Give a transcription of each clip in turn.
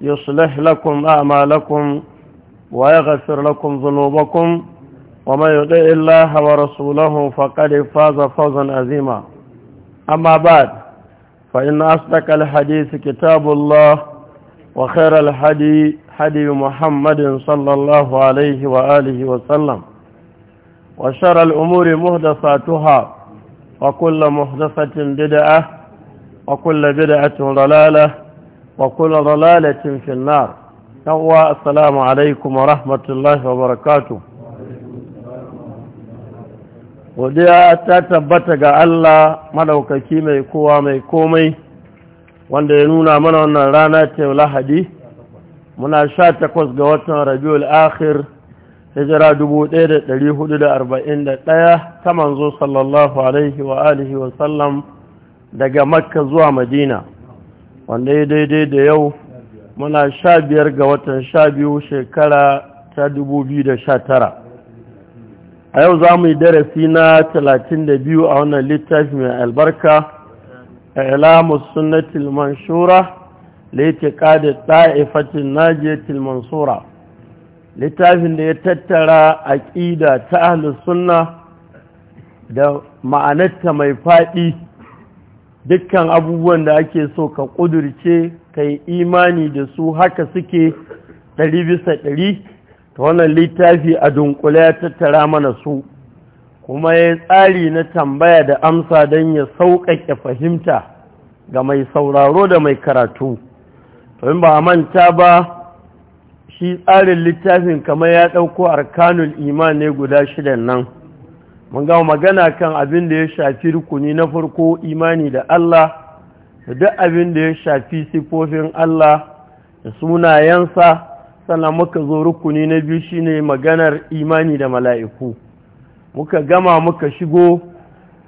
يصلح لكم أعمالكم ويغفر لكم ذنوبكم ومن يطع الله ورسوله فقد فاز فوزا عظيما أما بعد فإن أصدق الحديث كتاب الله وخير الحدي حدي محمد صلى الله عليه وآله وسلم وشر الأمور مهدساتها وكل مهدسة بدعة وكل بدعة ضلالة وكل ضلالة في النار نوى السلام عليكم ورحمة الله وبركاته وديا تتبت ga Allah maɗaukaki mai kowa mai komai wanda ya nuna mana wannan rana ce Lahadi muna sha 18 ga watan Rabiul Akhir hijira 1441 ta manzo sallallahu alaihi wa alihi wa sallam daga Makka zuwa Madina wanda ya daidai da yau muna sha biyar ga watan sha biyu shekara ta dubu biyu da sha tara a yau za mu yi darasi na talatin da biyu a wannan littafi mai albarka a ilamus sunnatul manshura laifika da ɗa'ifatin Tilman mansura littafin da ya tattara aƙida ta ahlus sunna da ma'anarta mai faɗi dukkan abubuwan da ake so ka ƙudurce ka yi imani da su haka suke ɗari bisa ɗari ta wannan littafi a dunkule ya tattara mana su kuma ya tsari na tambaya da amsa don ya sauƙaƙe fahimta ga mai sauraro da mai karatu tawin ba manta ba shi tsarin littafin kamar ya ɗauko arkanul iman ne guda shidan nan mun gama magana kan abin da ya shafi rukuni na farko imani da Allah da duk abin da ya shafi sifofin Allah da sunayensa sannan muka zo rukuni na biyu shine maganar imani da mala'iku muka gama muka shigo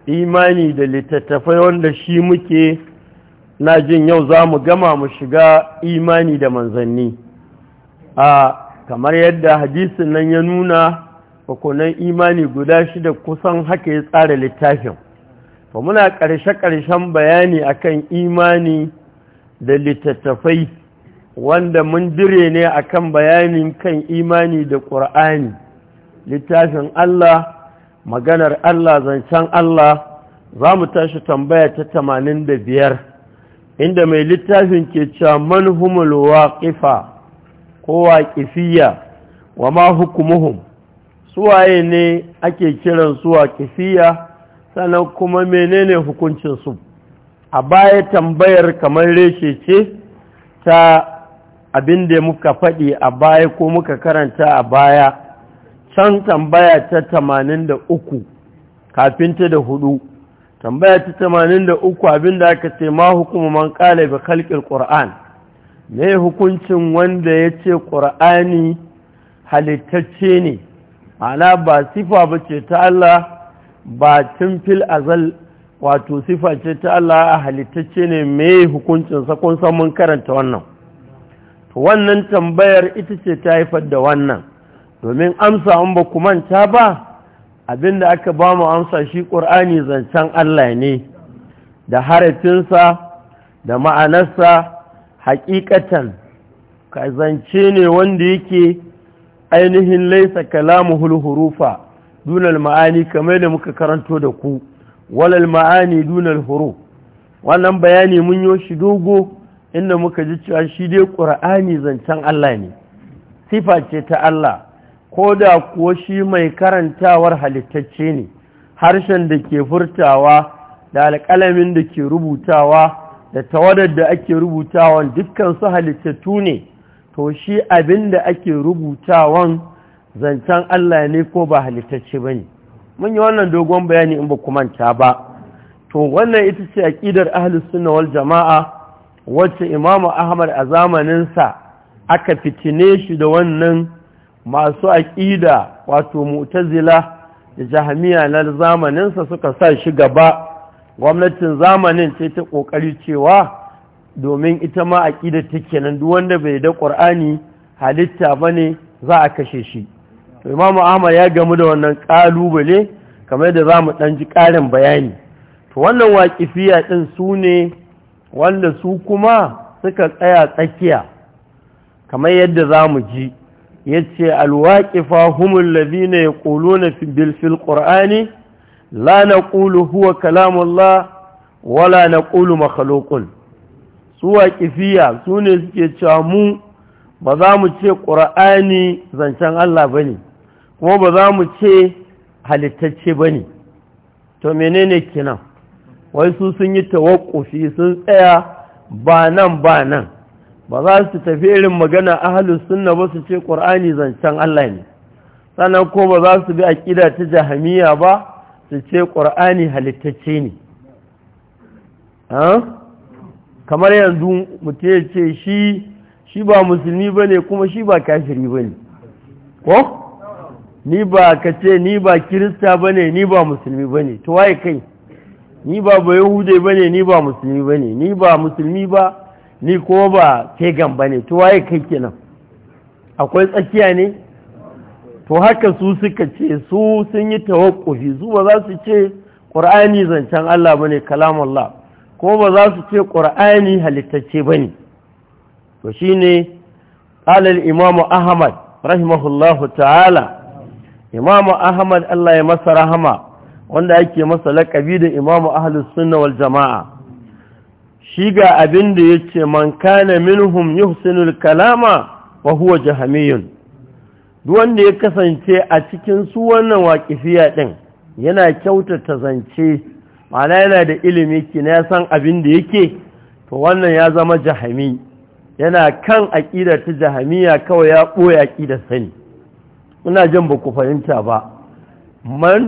imani da littattafai wanda shi muke na jin yau za mu gama mu shiga imani da manzanni a kamar yadda hadisin nan ya nuna Bakonan imani guda shida kusan haka ya tsara littafin ba muna ƙarshe-ƙarshen bayani akan imani da littattafai wanda mun dire ne akan bayanin kan imani da ƙur'ani littafin Allah maganar Allah zancen Allah za mu tashi tambaya ta tamanin da biyar inda mai littafin ke cewa manhumul waƙifa ko waƙifiyya wa ma hukumuhum suwaye ne ake kiran suwa kifiya sannan kuma menene hukuncin su? a baya tambayar kamar reshe ce ta abin da muka faɗi a baya ko muka karanta a baya can tambaya ta tamanin da kafin ta da hudu tambaya ta tamanin abin da aka ce ma hukumu man kala bi halƙin ƙura'an me hukuncin wanda ya ce ƙura'ani halittacce ne ma'ana ba sifa ba ce ta Allah ba tun fil azal wato sifa ce ta Allah a halittacce ne mai hukuncin sakon samun karanta wannan wannan tambayar ita ce ta haifar da wannan domin amsa an ba ku manta ba abinda aka ba mu amsa shi ƙur'ani zancen Allah ne da harafinsa da ma'anarsa hakikatan ka zance ne wanda yake ainihin laisa kalamu hurufa dunal ma'ani kamar da muka karanto da ku walal ma'ani dunal huruf wannan bayani mun yo shi dogo inda muka ji cewa shi dai ƙura'ani zancen Allah ne sifa ce ta Allah ko da kuwa shi mai karantawar halittacce ne harshen da ke furtawa da alƙalamin da ke rubutawa da tawadar da ake rubutawa dukkan su halittattu ne to shi abin da ake rubutawan zancen Allah ne ko ba halittacce ba ne mun yi wannan dogon bayani in ba manta ba to wannan ita ce aƙidar ahlus suna wal jama'a wacce imamu ahmad a zamaninsa aka fitine shi da wannan masu aƙida wato mu'tazila da jahamiya na zamaninsa suka sa shi gaba gwamnatin zamanin ce ta ƙoƙari cewa domin ita ma aƙidar ta kenan duk wanda bai da ƙwar'ani halitta ba ne za a kashe shi imamu ahmad ya gamu da wannan ƙalubale kamar da za mu ɗan ji ƙarin bayani to wannan waƙifiya ɗin su ne wanda su kuma suka tsaya tsakiya kamar yadda za mu ji ya ce alwaƙifa humul na ya ƙulo na bilfil ƙur'ani la na ƙulu huwa kalamun la wala na ƙulu makhalokun su waƙifiya su ne suke cewa mu ba za mu ce ƙura'ani zancen Allah ba ne kuma ba za mu ce halittacce ba ne to menene kinan wai su sun yi tawakkufi sun tsaya ba nan ba nan ba za su tafi irin magana ahalus sunna ba su ce ƙur'ani zancen Allah ne sannan ko ba za su bi aƙida ta jahamiya ba su ce ƙur'ani halittacce ne kamar yanzu mutum ya ce shi shi ba musulmi ba ne kuma shi ba kashiri ba ne ko ni ba ka ce ni ba kirista ba ne ni ba musulmi ba ne to waye kai ni ba ba yahude ba ne ni ba musulmi ba ne ni ba musulmi ba ni ko ba kegan ba ne to waye kai kenan akwai tsakiya ne to haka su suka ce su sun yi tawakkufi su ba za su ce ƙura'ani zancen Allah ba ne kalamun Allah ko ba za su ce ƙur'ani halittacce ba ne to shi ne ƙalar imamu ahmad rahimahullahu ta'ala imamu ahmad allah ya masa rahama wanda ake masa laƙabi da imamu ahalus sunna wal jama'a shi ga abin da ya ce man kana minhum yuhsinul kalama wa huwa jahamiyun wanda ya kasance a cikin su wannan waƙifiya ɗin yana kyautata zance ma'ana yana da ilimi ki na san abin da yake to wannan ya zama jahami yana kan aƙidar ta jahamiya kawai ya ɓoye aƙidar sani ina jin ba ku fahimta ba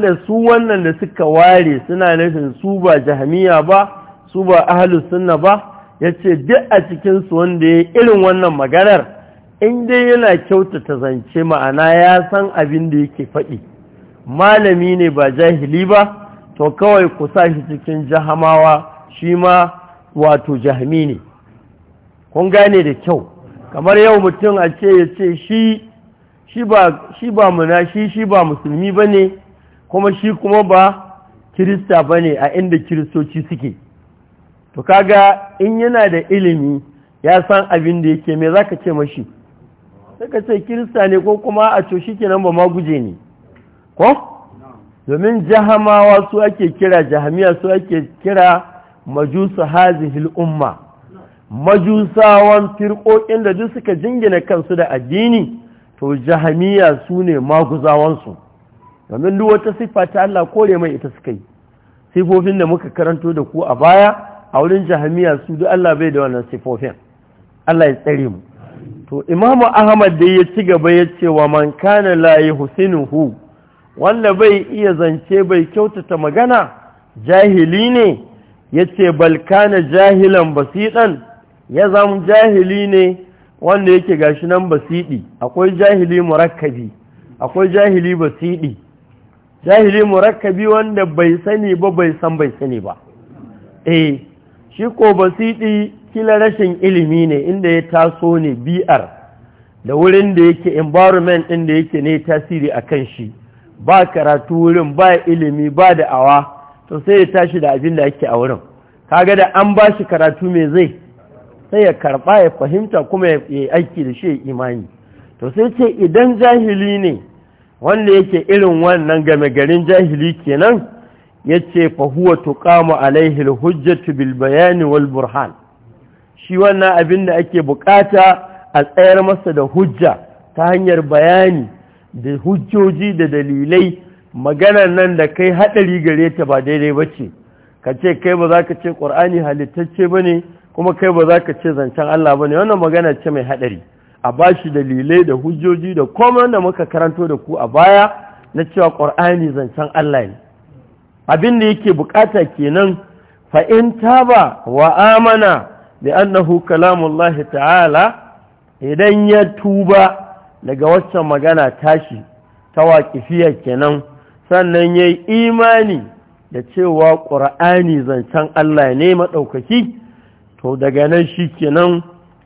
da su wannan da suka ware suna nufin su ba jahamiya ba su ba ahlus sunna ba yace duk a cikin su wanda ya irin wannan maganar in dai yana kyautata zance ma'ana ya san abin da yake faɗi malami ne ba jahili ba to kawai ku sa shi cikin jahamawa shi ma wato jahmi ne kun gane da kyau kamar yau mutum a ce ya ce shi ba muna shi shi ba musulmi ba ne kuma shi kuma ba kirista ba ne a inda kiristoci suke to kaga in yana da ilimi ya san abin da yake me za ka ce mashi sai ka ce kirista ne ko kuma a coci ke nan ba ma guje ne ko domin jahamawa su ake kira jahamiya su ake kira majusa hazihil umma majusawan firƙoƙin da duk suka jingina kansu da addini to jahamiya su ne maguzawansu domin duk wata sifa ta Allah kore mai ita suka yi sifofin da muka karanto da ku a baya a wurin jahamiya su duk Allah bai da wannan sifofin Allah ya tsare mu to imamu ahmad da ya ci gaba ya ce wa man kana la yuhsinuhu wanda bai iya zance bai kyautata magana jahili ne ya ce balkana jahilan basiɗan ya zama jahili ne wanda yake gashi nan basiɗi akwai jahili murakkabi akwai jahili basiɗi jahili murakkabi wanda bai sani ba bai san bai sani ba eh shi ko basiɗi kila rashin ilimi ne inda ya taso ne biyar da wurin da yake environment ɗin yake ne tasiri a kan shi ba karatu wurin ba ilimi ba da awa to sai ya tashi da abin da yake a wurin kaga da an ba shi karatu mai zai sai ya karba ya fahimta kuma ya aiki da shi ya imani to sai ce idan jahili ne wanda yake irin wannan game garin jahili kenan ya ce huwa tuqamu alaihi alhujjatu bil bayani wal burhan shi wannan abin da ake bukata a tsayar masa da hujja ta hanyar bayani da hujjoji da dalilai maganar nan da kai haɗari gare ta ba daidai ba ce ka ce kai ba za ka ce ƙur'ani halittacce ba ne kuma kai ba za ka ce zancen Allah ba ne wannan magana ce mai haɗari a ba shi dalilai da hujjoji da komai da muka karanto da ku a baya na cewa ƙur'ani zancen Allah ne abin da yake bukata kenan fa'in ba wa amana da annahu kalamullahi ta'ala idan ya tuba daga waccan magana tashi ta waƙifiyar kenan sannan ya yi imani da cewa ƙura'ani zancen Allah ne maɗaukaki to daga nan shi kenan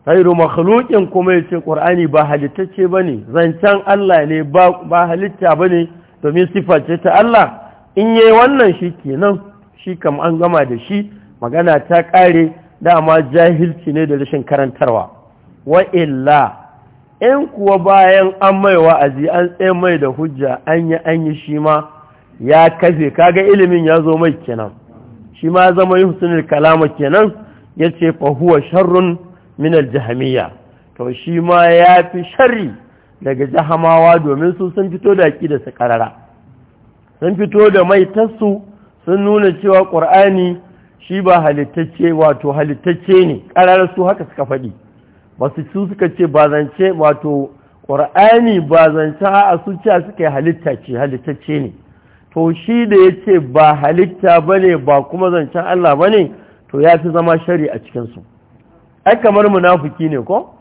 hairu makhlukin kuma ya ce ƙura'ani ba halittacce ba ne zancen Allah ne ba halitta ba ne domin siface ta Allah in yi wannan shi kenan shi kam an gama da shi magana ta ƙare dama jahilci ne da rashin karantarwa wa in kuwa bayan an mai wa'azi an tsaye mai da hujja an yi an yi shi ma ya kafe kaga ilimin ya zo mai kenan shi ma zama yi husnul kalama kenan ya ce fahuwa sharrun minal jahamiya to shi ma ya fi shari daga jahamawa domin su sun fito da ki da su karara sun fito da mai tasu sun nuna cewa ƙur'ani shi ba halittacce wato halittacce ne ƙararar su haka suka faɗi ba su suka ce ba zance wato ƙwar'ani ba zance a suciya suka yi halitta ce halitta ce ne to shi da ya ce ba halitta ba ne ba kuma zancen Allah ba ne to ya fi zama shari a cikinsu ai kamar munafuki ne ko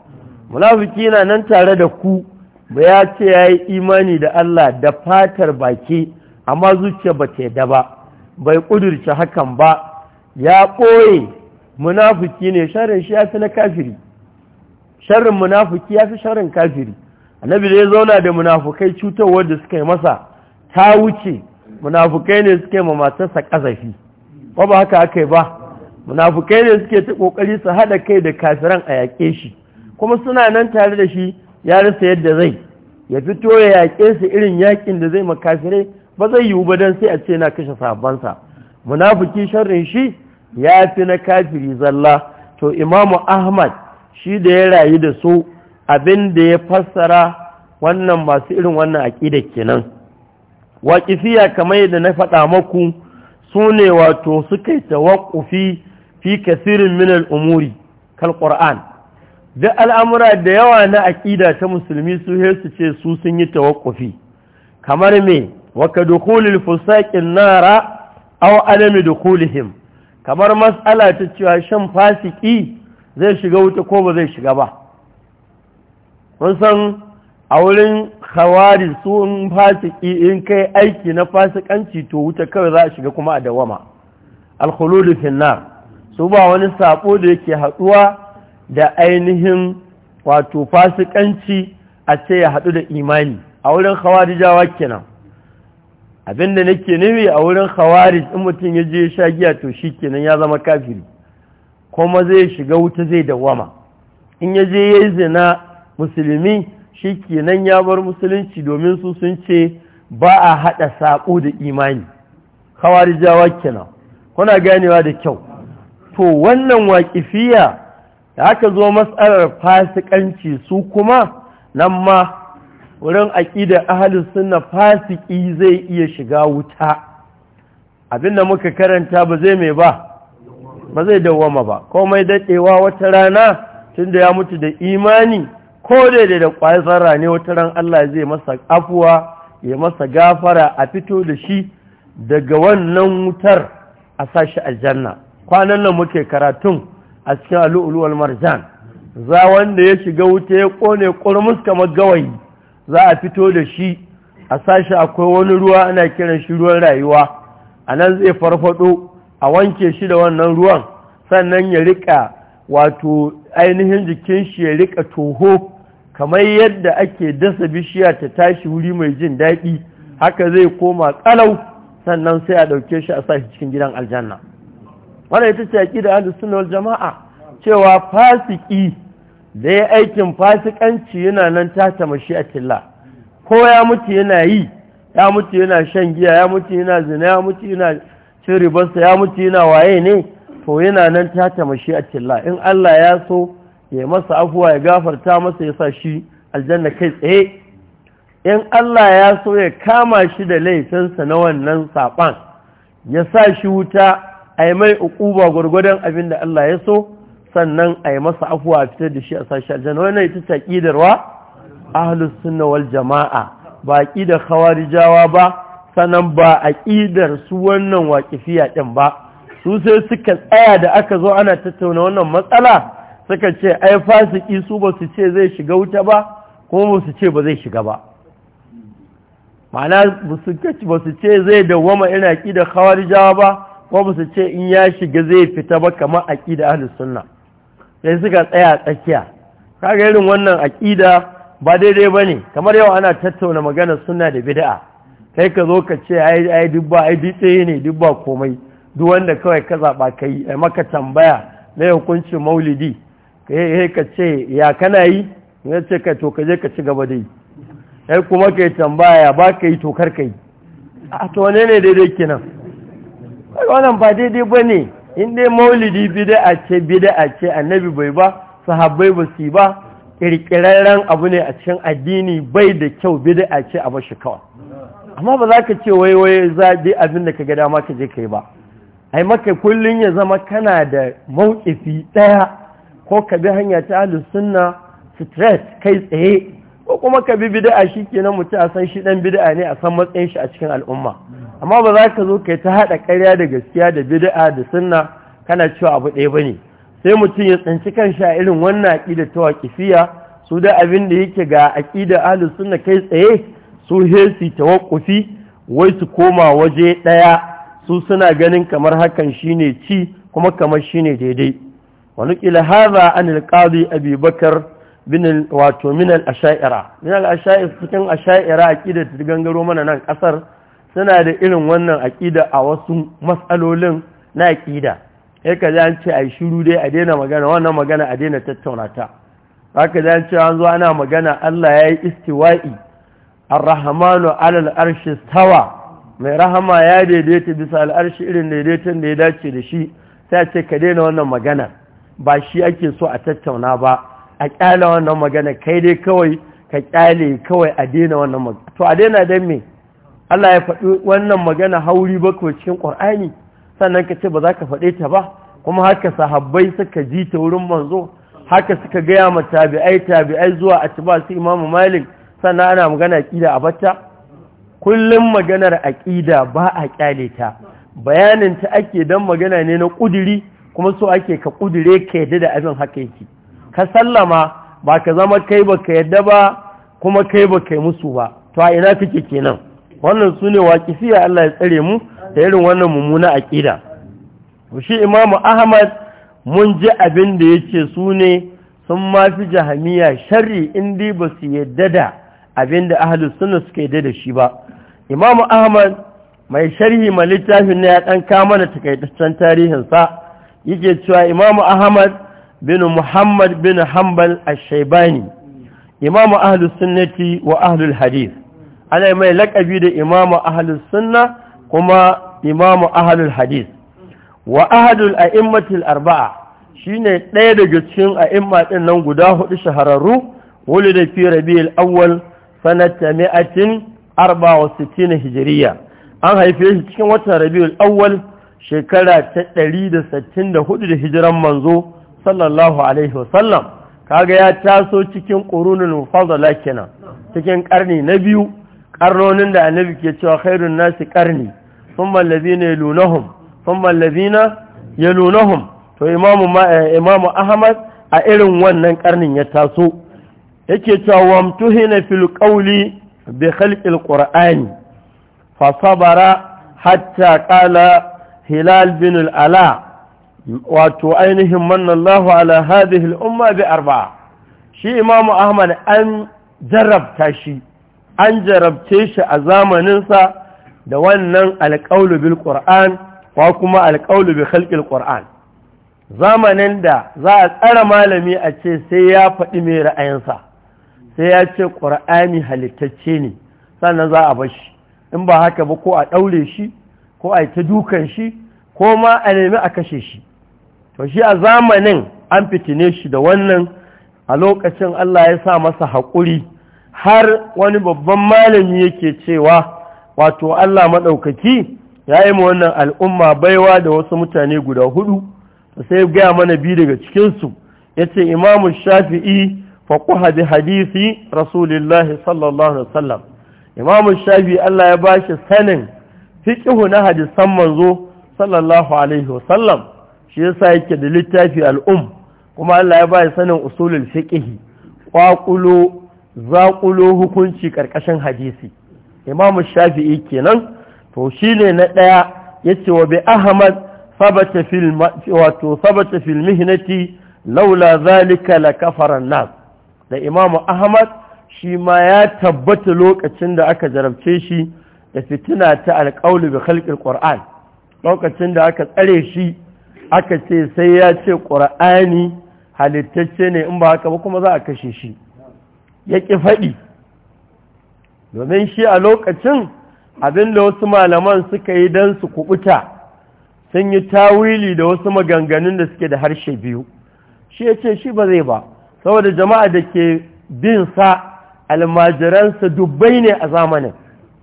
munafuki na nan tare da ku ba ya ce ya yi imani da Allah da fatar baki amma zuciya ba ta yadda ba bai ƙudurce hakan ba ya ɓoye munafuki ne sharin shi ya fi na kafiri sharrin munafiki ya fi sharrin kafiri annabi da ya zauna da munafukai cutarwar da suka yi masa ta wuce munafukai ne suke ma matarsa kazafi ko ba haka aka yi ba munafukai ne suke ta ƙoƙari su haɗa kai da kafiran a yaƙe shi kuma suna nan tare da shi ya rasa yadda zai ya fito ya yaƙe su irin yaƙin da zai makafirai ba zai yiwu ba don sai a ce na kashe sabansa Munafuki sharrin shi ya fi na kafiri zalla to imamu ahmad shi da ya rayu da su abin da ya fassara wannan masu irin wannan aƙida kenan waƙifiya kamar yadda na faɗa maku su ne wato suka yi tawakufi fi kasirin minal umuri kal ƙur'an da al'amura da yawa na aƙida ta musulmi su ce su sun yi tawakufi kamar me waka dukulil fusaƙin nara au alami dukulihim kamar matsala ta cewa shan fasiki zai shiga wuta ko ba zai shiga ba kun san a wurin khawari sun fasiki in kai aiki na fasikanci to wuta kawai za a shiga kuma a dawama alkhuludu finnar su ba wani sabo da yake haduwa da ainihin wato fasikanci a ce ya hadu da imani a wurin jawa kenan abinda nake nufi a wurin khawarij in mutum ya je sha giya to kenan ya zama kafiri kuma zai shiga wuta zai dawama in ya je ya zina musulmi shi kenan ya bar musulunci domin su sun ce ba a haɗa saƙo da imani kawarijawa kenan kuna ganewa da kyau to wannan waƙifiya da aka zo matsalar fasikanci su kuma nan ma wurin aƙidar ahalin suna fasiki zai iya shiga wuta abinda muka karanta ba zai mai ba ba zai dawwama ba komai daɗewa wata rana tunda ya mutu da imani ko daidai da ƙwayar rana, ne wata ran Allah zai masa afuwa ya masa gafara a fito da shi daga wannan wutar a sashi aljanna kwanan nan muke karatun a cikin al'uluwal marjan za wanda ya shiga wuta ya kone ƙurmus kamar gawayi za a fito da shi a sashi akwai wani ruwa ana kiran shi ruwan rayuwa a nan zai farfado a wanke shi da wannan ruwan sannan ya rika wato ainihin jikin shi ya rika toho kamar yadda ake dasa bishiya ta tashi wuri mai jin daɗi haka zai koma ƙalau sannan sai a ɗauke shi a sa shi cikin gidan aljanna wannan ita ce aƙida ahlus jama'a cewa fasiki da ya aikin fasikanci yana nan ta a killa. ko ya mutu yana yi ya mutu yana shan giya ya mutu yana zina ya mutu yana cin ribarsa ya mutu yana waye ne to yana nan ta tama a cilla in Allah ya so ya masa afuwa ya gafarta masa ya sa shi aljanna kai tsaye in Allah ya so ya kama shi da laifinsa na wannan saɓan ya sa shi wuta a yi mai ukuba gwargwadon abin da Allah ya so sannan a yi masa afuwa a fitar da shi a sashi aljanna wannan ita ta ƙidarwa ahlus sunna wal jama'a ba ƙidar khawarijawa ba sannan ba a ƙidar su wannan waƙifiya ɗin ba su sai suka tsaya da aka zo ana tattauna wannan matsala suka ce ai fasiki su ba su ce zai shiga wuta ba kuma ba su ce ba zai shiga ba ma'ana ba su ce zai dawwama irin aƙidar jawa ba ko ba su ce in ya shiga zai fita ba kamar aƙida ahlus sunna sai suka tsaya tsakiya kaga irin wannan aƙida ba daidai ba ne, kamar yau ana tattauna magana suna da bida'a. sai ka zo ka ce ai ai ai dutse ne dubba komai duk wanda kawai ka zaba ka ai maka tambaya na hukuncin maulidi kai ka ce ya kana yi ya ce ka to ka je ka ci gaba da yi ai kuma kai yi tambaya ba ka yi to kar ka a to ne ne daidai kenan wannan ba daidai ba ne in dai maulidi bid'a ce bid'a ce annabi bai ba sahabbai ba su ba kirkirarren abu ne a cikin addini bai da kyau bid'a ce a bashi kawai amma ba za ka ce waiwai za zaɓi abin da ka ga dama ka je ka yi ba ai maka kullum ya zama kana da mawkifi ɗaya ko ka bi hanya ta ahlus sunna stress kai tsaye ko kuma ka bi bid'a nan mutum a san shi ɗan bid'a ne a san matsayin shi a cikin al'umma amma ba za ka zo kai ta haɗa ƙarya da gaskiya da bid'a da suna kana cewa abu ɗaya ba ne, sai mutum ya tsinci kan a irin wannan aƙida ta waƙifiya su da abin da yake ga aƙida ahlus sunna kai tsaye su hesi tawakkufi wai su koma waje ɗaya su suna ganin kamar hakan shine ci kuma kamar shine daidai wani ƙila haza an alƙadi abubakar bin wato min al-asha'ira min al cikin asha'ira gangaro mana nan kasar suna da irin wannan aƙida a wasu matsalolin na aƙida. sai ka an ce ai shiru dai a daina magana wannan magana a daina tattaunata. ta haka da ce an zo ana magana Allah ya yi istiwa'i ar-rahmanu alal arshi stawa mai rahama ya daidaita bisa al'arshi irin daidaiton da ya dace da shi sai ka daina wannan magana ba shi ake so a tattauna ba a kyale wannan magana kai dai kawai ka kyale kawai a daina wannan magana to a daina dan me Allah ya faɗi wannan magana hauri ba ko cikin Qur'ani sannan ka ce ba za ka faɗe ta ba kuma haka sahabbai suka ji ta wurin manzo haka suka gaya ma tabi'ai tabi'ai zuwa atba su imamu Malik sannan ana magana aƙida a bata, kullum maganar aƙida ba a ƙyale ta bayanin ta ake don magana ne na ƙuduri, kuma so ake ka ƙudure ka yadda da abin haka yake ka sallama ba ka zama kai ba ka yadda ba kuma kai ba kai musu ba to a ina kake kenan wannan su ne waƙisiya Allah ya tsare mu da irin wannan mummuna aƙida shi imamu ahmad mun ji abin da ya ce su ne sun ma fi jahamiya sharri in dai ba su yadda da Abin da ahlus sunna suke da shi ba imamu ahmad mai sharhi ma littafin ne ya ɗan kama da takaitaccen tarihinsa yake cewa imamu ahmad bin muhammad bin hanbal ash-shaybani imamu ahlus sunnati wa ahlul hadith ana mai lakabi da imamu ahlus sunna kuma imamu ahlul hadith wa ahadul a'immatil arba'a shine ɗaya daga cikin a'imma ɗin nan guda hudu shahararru wulida fi rabi'il awwal sanata mi'atin arba wa sittin hijiriya an haife shi cikin watan rabiul awwal shekara ta ɗari da sittin da hudu da hijiran manzo sallallahu alaihi wasallam kaga ya taso cikin ƙurunin fadala kenan cikin ƙarni na biyu ƙarnonin da annabi ke cewa khairun nasi ƙarni thumma allazina yalunahum thumma allazina yalunahum to imamu eh, imamu ahmad a irin wannan ƙarnin ya taso yake cewa wamtuhina fil qawli bi khalqil qur'ani fa sabara hatta qala hilal bin al-ala wato ainihin manallahu ala hadhihi al-umma bi arba'a shi imamu ahmad an jarabta shi an jarabce shi a zamaninsa da wannan alƙaulu bil qur'an ko kuma alƙaulu bi khalqil qur'an zamanin da za a tsara malami a ce sai ya faɗi mai ra'ayinsa sai ya ce ƙur'ani halittacce ne sannan za a bar shi in ba haka ba ko a ɗaure shi ko a yi ta dukan shi ko ma a nemi a kashe shi to shi a zamanin an fitine shi da wannan a lokacin Allah ya sa masa haƙuri har wani babban malami yake cewa wato Allah maɗaukaki ya yi ma wannan al'umma baiwa da wasu mutane guda hudu sai gaya mana biyu daga cikinsu ya ce imamu shafi'i faquha bi hadisi rasulillahi sallallahu alaihi wasallam imamu shafi Allah ya bashi sanin fiƙihu na hadisan manzo sallallahu alaihi wasallam shi yasa yake da littafi al'um kuma Allah ya bashi sanin usulul fiƙihi, kwakulo zaƙulo hukunci ƙarƙashin hadisi imamu shafi'i kenan to shine na ɗaya yace wa bi ahmad sabata fil wato sabata fil mihnati laula zalika la kafara nas da imamu ahmad shi ma ya tabbata lokacin da aka jarabce shi da fitina ta alƙaulu bi khalqil qur'an lokacin da aka tsare shi aka ce sai ya ce qur'ani halittacce ne in ba haka ba kuma za a kashe shi ya ƙi faɗi domin shi a lokacin abin da wasu malaman suka yi don su kubuta sun yi tawili da wasu maganganun da suke da harshe biyu shi ya ce shi ba zai ba saboda jama'a da ke bin sa almajiransa dubbai ne a zamanin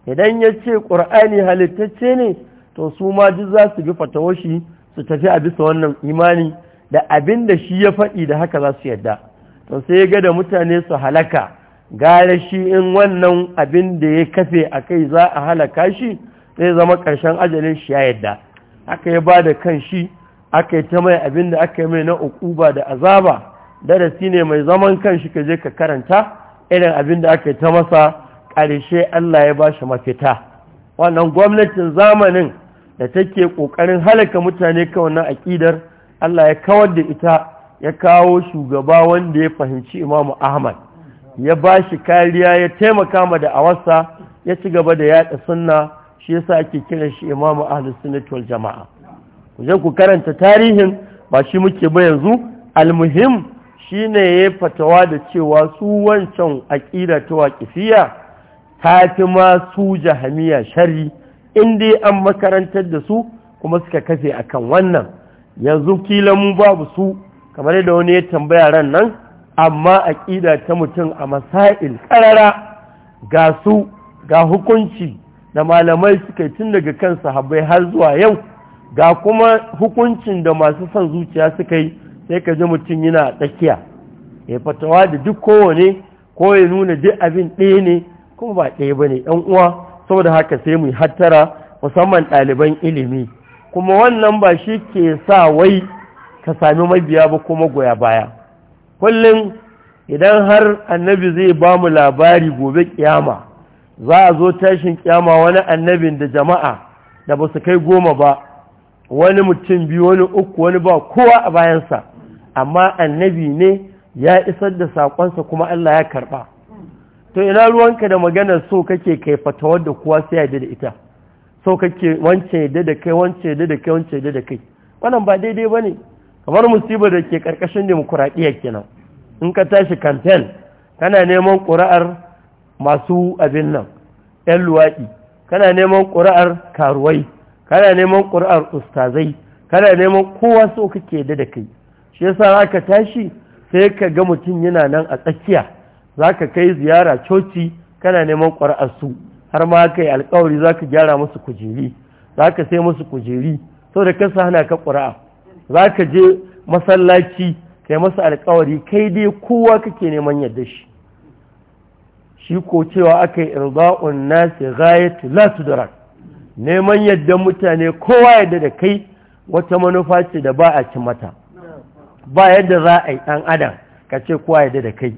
idan ya ce ƙur'ani halittacce ne to su ma duk za su bi fatawashi su tafi a bisa wannan imani da abin da shi ya faɗi da haka za su yadda to sai ya ga da mutane su halaka gare shi in wannan abin da ya kafe a kai za a halaka shi zai zama ƙarshen ajalin shi ya yadda aka yi ba da kan shi aka yi ta mai abin da aka yi mai na ba da azaba darasi ne mai zaman kan shi ka je ka karanta irin abin da aka yi ta masa ƙarshe Allah ya ba shi mafita wannan gwamnatin zamanin da take ƙoƙarin halaka mutane kan wannan aƙidar Allah ya kawar da ita ya kawo shugaba wanda ya fahimci Imamu Ahmad ya ba shi kariya ya taimaka ma da awarsa ya ci gaba da yaɗa sunna shi yasa ake kiran shi Imamu Ahlus Sunnah Jama'a ku je ku karanta tarihin ba shi muke ba yanzu almuhim shi ne ya fatawa da cewa su wancan aƙida ta waƙifiya ta fi ma su jahamiya shari inda an makarantar da su kuma suka kafe a kan wannan yanzu kila mu babu su kamar da wani ya tambaya ran nan amma aƙida ta mutum a masail ƙarara ga su ga hukunci da malamai suka tun daga kan sahabbai har zuwa yau ga kuma hukuncin da masu son zuciya suka yi sai ka ji mutum yana tsakiya ya fatawa da duk kowane ko ya nuna duk abin ɗaya ne kuma ba ɗaya ba ne ɗan uwa saboda haka sai mu hattara musamman ɗaliban ilimi kuma wannan ba shi ke sa wai ka sami mabiya ba kuma goya baya kullum idan har annabi zai ba mu labari gobe kiyama za a zo tashin kiyama wani annabin da jama'a da ba su kai goma ba wani mutum biyu wani uku wani ba kowa a bayansa amma annabi ne ya isar da sakonsa kuma Allah ya karɓa to ina ruwanka da maganar so kake kai fatawar da kuwa sai ya da ita so kake wance yadda da kai wance yadda da kai wance yadda da kai wannan ba daidai ba ne kamar musibar da ke ƙarƙashin demokuraɗiyya kenan in ka tashi kamfen kana neman ƙuri'ar masu abin nan 'yan luwaɗi kana neman ƙuri'ar karuwai kana neman ƙuri'ar ustazai kana neman kowa so kake da da kai shi yasa zaka tashi sai ka ga mutum yana nan a tsakiya zaka kai ziyara coci kana neman su har ma kai alƙawari zaka gyara musu kujeri zaka sai musu kujeri saboda kasa hana ka ƙura'a zaka je masallaci kai masa alƙawari kai dai kowa kake neman yadda shi shi ko cewa aka yi irza'un nasi ghayatu la tudrak neman yadda mutane kowa yadda da kai wata manufa ce da ba a cin mata ba yadda za a yi ɗan adam ka ce kowa yadda da kai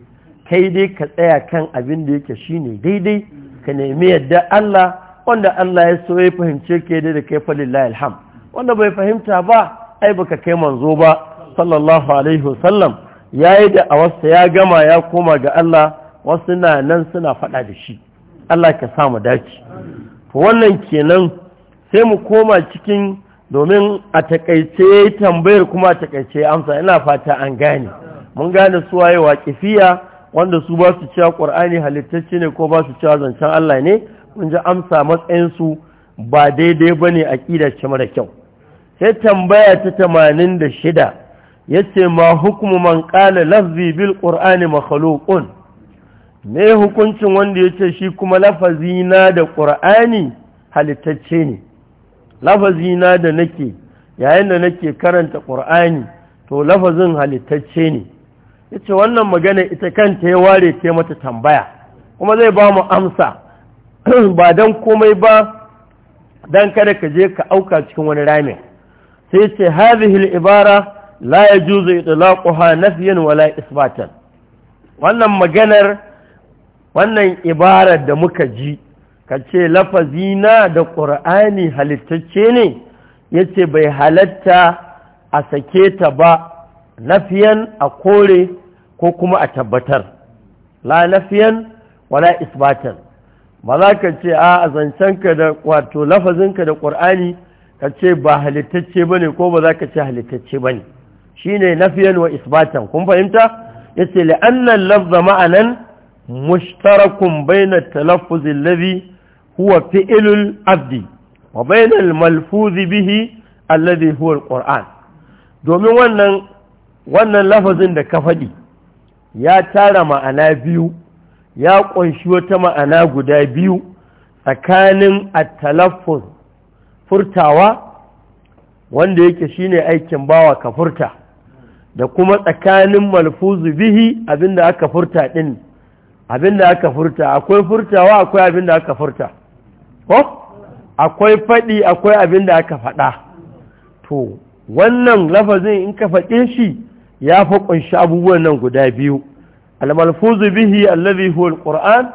kai dai ka tsaya kan abin da yake shi ne daidai ka nemi yadda Allah wanda Allah ya so ya fahimce ke da kai falin la'ilham wanda bai fahimta ba ai baka kai manzo ba sallallahu alaihi wasallam yi da a wasu ya gama ya koma ga Allah wasu na nan suna faɗa da shi Allah ka samu mu dace wannan kenan sai mu koma cikin domin a takaice tambayar kuma a takaice amsa ina fata an gane mun gane su waye waqifiya wanda su ba su cewa qur'ani halittacce ne ko ba su cewa zancen Allah ne mun ji amsa matsayin su ba daidai bane aqida ce mara kyau sai tambaya ta 86 yace ma hukumu man qala lafzi bil qur'ani makhluqun me hukuncin wanda yace shi kuma lafazi na da qur'ani halittacce ne lafazina da nake yayin da nake karanta ƙur'ani to lafazin halittacce ne ya ce wannan magana ita kanta ya ware ce mata tambaya kuma zai ba mu amsa ba dan komai ba dan kada ka je ka auka cikin wani ramin sai ce hazihil ibara la ya juzo itlaquha nafyan wala isbatan wannan maganar wannan ibarar da muka ji ka ce lafazina da ƙur'ani halittacce ne ya ce bai halatta a sake ta ba nafiyan a kore ko kuma a tabbatar la nafiyan wala isbatan ba za ka ce a zancenka da wato lafazinka da ƙur'ani ka ce ba halittacce ba ne ko ba za ka ce halittacce ba ne shi ne nafiyan wa isbatan kun fahimta ya ce la'annan lafza ma'anan mushtarakun bai na talafuzin lafi huwa fi'ilul abdi wa bainal malfuzi bihi alladhi huwa alquran domin wannan wannan lafazin da ka faɗi ya tara ma'ana biyu ya ƙunshi wata ma'ana guda biyu tsakanin at-talaffuz furtawa wanda yake shine aikin bawa ka furta da kuma tsakanin malfuzu bihi abinda aka furta din abinda aka furta akwai furtawa akwai abinda aka furta ko akwai faɗi akwai abin da aka faɗa to wannan lafazin in ka faɗe shi ya fi ƙunshi abubuwan nan guda biyu almalfuzu bihi allazi huwa alquran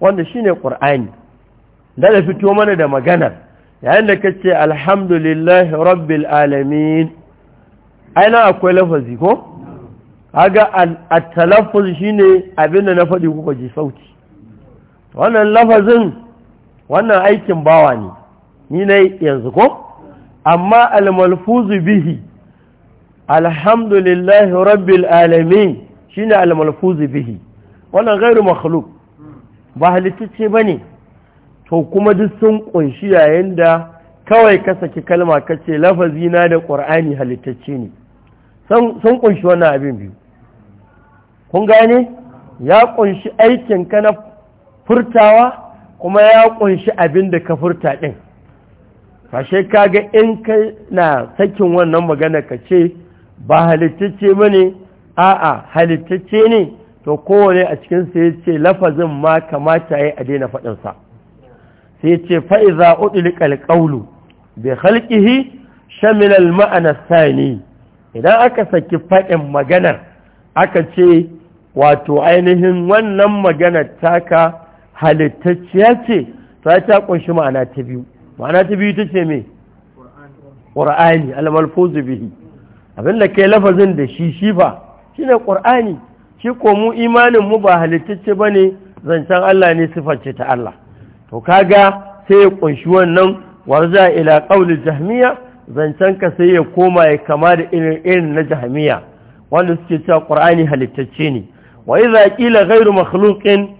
wanda shine qur'ani da da fito mana da magana yayin da kace alhamdulillahi rabbil alamin na akwai lafazi ko kaga at-talaffuz shine abinda na faɗi kuka ji sauti wannan lafazin wannan aikin bawa ne ni na yanzu ko amma almalfuzu bihi alhamdulillahi rabbil alamin shine almalfuzu bihi wannan gairu makhluk ba ba bane to kuma duk sun kunshi yayin da kawai ka saki kalma kace lafazi na da qur'ani halittacce ne sun kunshi wannan abin biyu kun gane ya kunshi aikin ka na furtawa kuma ya ƙunshi abin da ka furta ɗin fashe ga in ka na sakin wannan magana ka ce ba halittacce ba ne a'a halittacce ne to kowane a cikinsa ya ce lafazin ma kamata ya a daina faɗinsa sai ya ce fa'iza uɗulikal ƙalƙaulu bai halƙihi shamilal ma'anar sani idan aka saki faɗin maganar aka ce wato ainihin wannan maganar taka halittacciya ce ta ta kunshi ma'ana ta biyu ma'ana ta biyu ta ce me ƙur'ani almalfuzu bihi abinda kai lafazin da shi shi ba shi ne ƙur'ani shi ko mu imanin mu ba halittacce ba ne zancen Allah ne siffarce ta Allah to kaga sai ya kunshi wannan warza ila ƙaunin jahmiya zancen ka sai ya koma ya kama da irin irin na jahmiya wanda suke cewa ƙur'ani halittacce ne wa iza ƙila ghairu makhluqin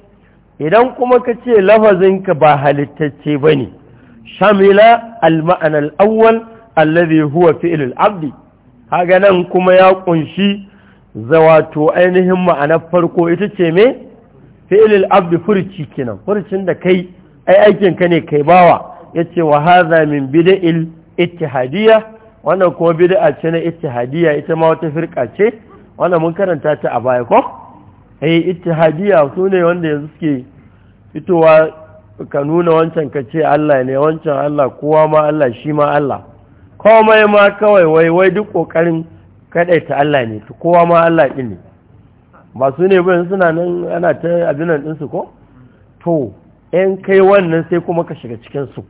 idan kuma ka ce lafazinka ba halittacce ba ne shamila al-ma'anar awwal huwa fi'ilul abdi haga nan kuma ya kunshi zawato ainihin ma'anar farko ita ce me fi'ilul abdi furci kenan furcin da kai ai aikin ka ne kai bawa yace wa haza min ita ittihadiyya wannan kuma bid'a ce na ittihadiyya ita ma wata firka ce wannan mun karanta ta a baya ko ita eh, ittihadiyya su ne wanda yanzu suke fitowa ka nuna wancan ka ce Allah ne wancan Allah kowa ma Allah shi ma Allah komai ma kawai wai wai duk kokarin kadaita Allah ne kowa ma Allah din ne ba su ne bayan suna nan ana ta abinan ɗinsu ko to ‘yan kai wannan sai kuma ka shiga cikinsu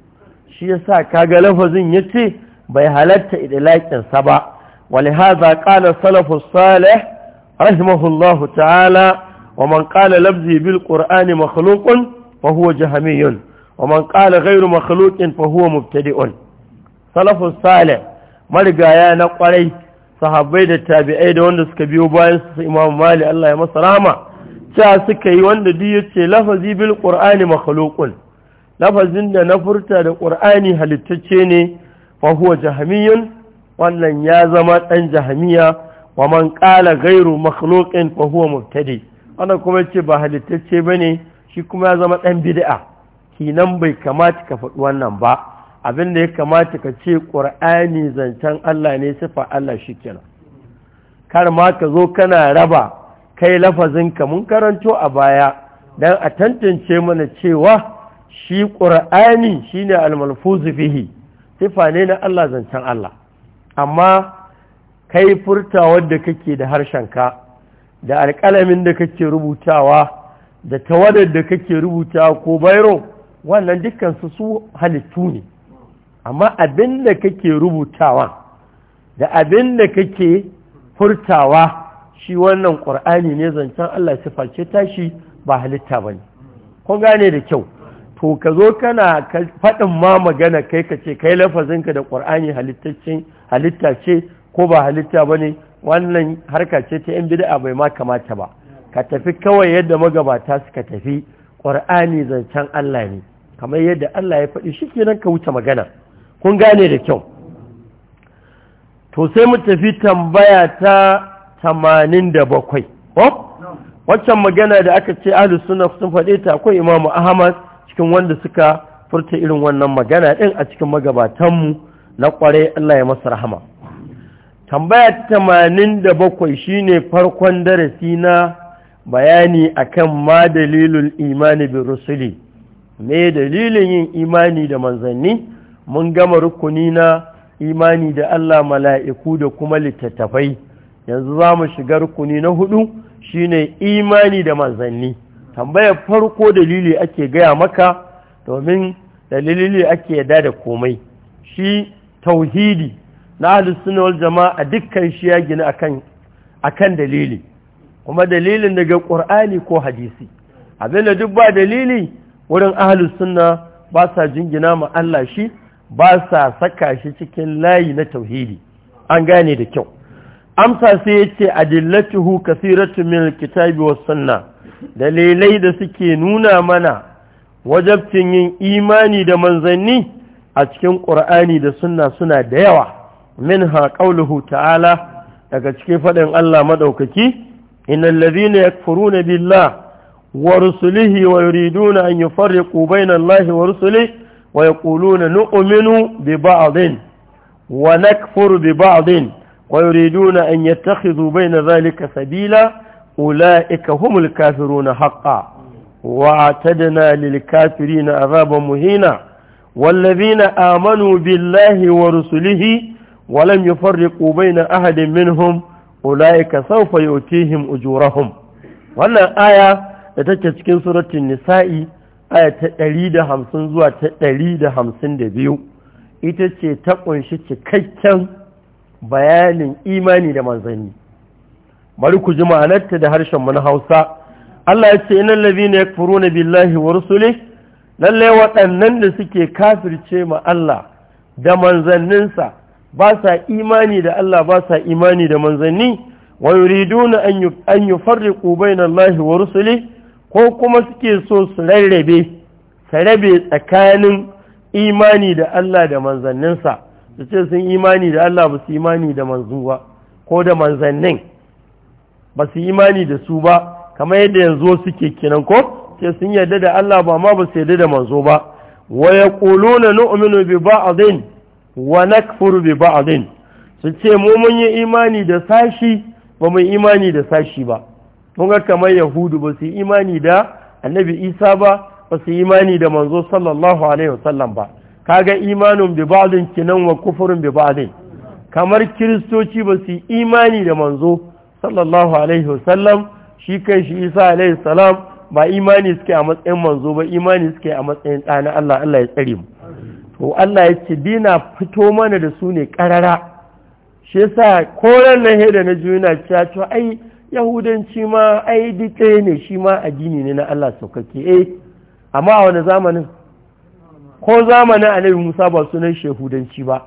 shi ya sa ga lafazin ya ce bai halatta sa ba wani haza ƙala salafus salih rahimahullahu ta'ala wa man qala labzi bil qur'ani makhluqun fa huwa wa man qala ghayru makhluqin fa huwa mubtadi'un salafus marigaya na ƙwarai, sahabai da tabi'ai da wanda suka biyo bayan su imam mali Allah ya masa rahama suka yi wanda duk yace lafazi bil qur'ani makhluqun lafazin da na furta da qur'ani halittacce ne fa huwa wannan ya zama ɗan jahmiya wa man qala ghayru makhluqin fa huwa mubtadi wannan kuma yace ba halittacce bane shi kuma ya zama dan bid'a kinan bai kamata ka faɗi wannan ba abin da ya kamata ka ce qur'ani zancen Allah ne sifa Allah shikenan kar ma ka zo kana raba kai ka mun karanto a baya dan a tantance mana cewa shi ƙur'ani shine al-malfuz fihi sifa ne na Allah zancen Allah amma kai furta wadda kake da harshenka da alƙalamin da kake rubutawa da tawadar da kake rubutawa ko bairo wannan dukkansu su halittu ne amma abin da kake rubutawa da abin da kake furtawa shi wannan ƙur'ani ne zancen Allah sifa ce tashi ba halitta ba ne kun gane da kyau to ka zo kana faɗin ma magana kai ka ce kai lafazinka da ƙur'ani halitta ce ko ba halitta ba ne wannan harka ce ta 'yan bid'a bai ma kamata ba ka tafi kawai yadda magabata suka tafi ƙwar'ani zancen Allah ne kamar yadda Allah ya faɗi shi kenan ka wuce magana kun gane da kyau to sai mu tafi tambaya ta tamanin da bakwai waccan magana da aka ce ahlus sunna sun faɗe ta akwai imamu ahmad cikin wanda suka furta irin wannan magana ɗin a cikin magabatanmu na ƙwarai Allah ya masa rahama tambaya tamanin da bakwai shine farkon darasi na bayani akan ma dalilul imani bi rusuli me dalilin yin imani da manzanni mun gama rukuni na imani da Allah mala'iku da kuma littattafai yanzu za mu shiga rukuni na hudu shine imani da manzanni tambayar farko dalili ake gaya maka domin dalili ake yada da komai shi tauhidi na ahlus-sunna wal jama'a dukkan shi ya gina a kan dalili kuma dalilin daga ƙur'ani ko hadisi abinda duk ba dalili wurin ahlus-sunna ba sa jingina ma Allah shi ba sa saka shi cikin layi na tauhidi an gane da kyau amsa sai yace adillatuhu kasiratu min alkitabi was dalilai da suke nuna mana wajabcin yin imani da manzanni a cikin ƙur'ani da sunna suna da yawa minha qawluhu ta'ala daga cikin faɗin Allah madaukaki innal ladhina yakfuruna billah wa rusulihi wa yuriduna an yufarriqu bayna Allahi wa rusulihi wa yaquluna nu'minu bi ba'dhin wa nakfuru bi ba'dhin wa yuriduna an yattakhidhu bayna dhalika sabila أولئك هم الكافرون حقا واعتدنا للكافرين عذابا مهينا والذين آمنوا بالله ورسله walam yufarriqu na ahadin minhum ulaika sawfa yu'tihim ujurahum wannan aya da take cikin suratul nisa'i aya ta ɗari 150 zuwa ta 152 ita ce ta ƙunshi cikakken bayanin imani da manzanni bari ku ji ma'anarta da harshen mu na Hausa Allah ya ce innal ladhina yakfuruna billahi wa rusulihi lallai waɗannan da suke kafirce ma Allah da manzanninsa ba sa imani da Allah ba sa imani da manzanni wa yuriduna an yufarriqu bainallahi wa rusuli ko kuma suke so su rarrabe sarabe tsakanin imani da Allah da manzanninsa su ce sun imani da Allah ba su imani da manzuwa ko da manzannin ba su imani da su ba kamar yadda yanzu suke kenan ko ce sun yarda da Allah ba ma ba su yarda da manzo ba wa yaquluna nu'minu bi ba'dhin wa nakfuru bi ba'din su ce mu mun yi imani da sashi ba mu imani da sashi ba mun ga kamar yahudu ba su imani da annabi isa ba ba su imani da manzo sallallahu alaihi wasallam ba kaga imanun bi ba'din kinan wa kufurun bi ba'din kamar kiristoci ba su imani da manzo sallallahu alaihi wasallam shi kai shi isa alaihi salam ba imani suke a matsayin manzo ba imani suke a matsayin ɗana Allah Allah ya tsare mu to Allah ya ce dina fito mana da su ne ƙarara shi yasa koran nan da na juna cewa cewa ai yahudanci ma ai dike ne shi ma addini ne na Allah saukake eh amma a wani zamanin ko zamanin annabi Musa ba sunan shehudanci ba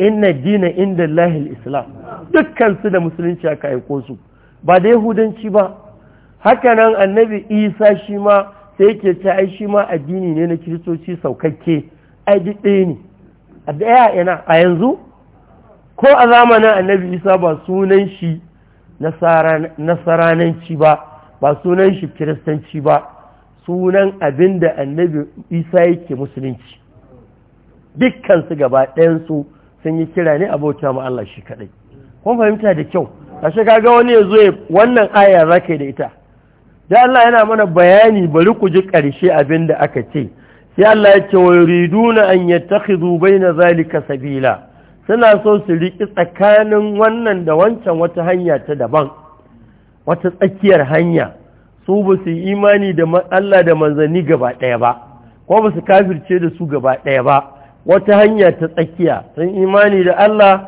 inna dina inda lahil islam dukkan su da musulunci aka aiko su ba da yahudanci ba haka nan annabi isa shi ma sai yake ta ai shi ma addini ne na kiristoci saukakke ai duk ɗaya ne a ɗaya ina a yanzu ko a zamanin annabi isa ba sunan shi nasarananci ba ba sunan shi kiristanci ba sunan abin da annabi isa yake musulunci dukkansu gaba ɗayansu sun yi kira ne abota ma Allah shi kaɗai Kuma fahimta da kyau a shi kaga wani ya zo wannan aya za da ita da Allah yana mana bayani bari ku ji ƙarshe abin da aka ce sai Allah ya ce wa riduna an yattakhidhu na zalika sabila suna so su riki tsakanin wannan da wancan wata hanya ta daban wata tsakiyar hanya su ba su yi imani da Allah da manzanni gaba ɗaya ba ko ba su kafirce da su gaba ɗaya ba wata hanya ta tsakiya sun imani da Allah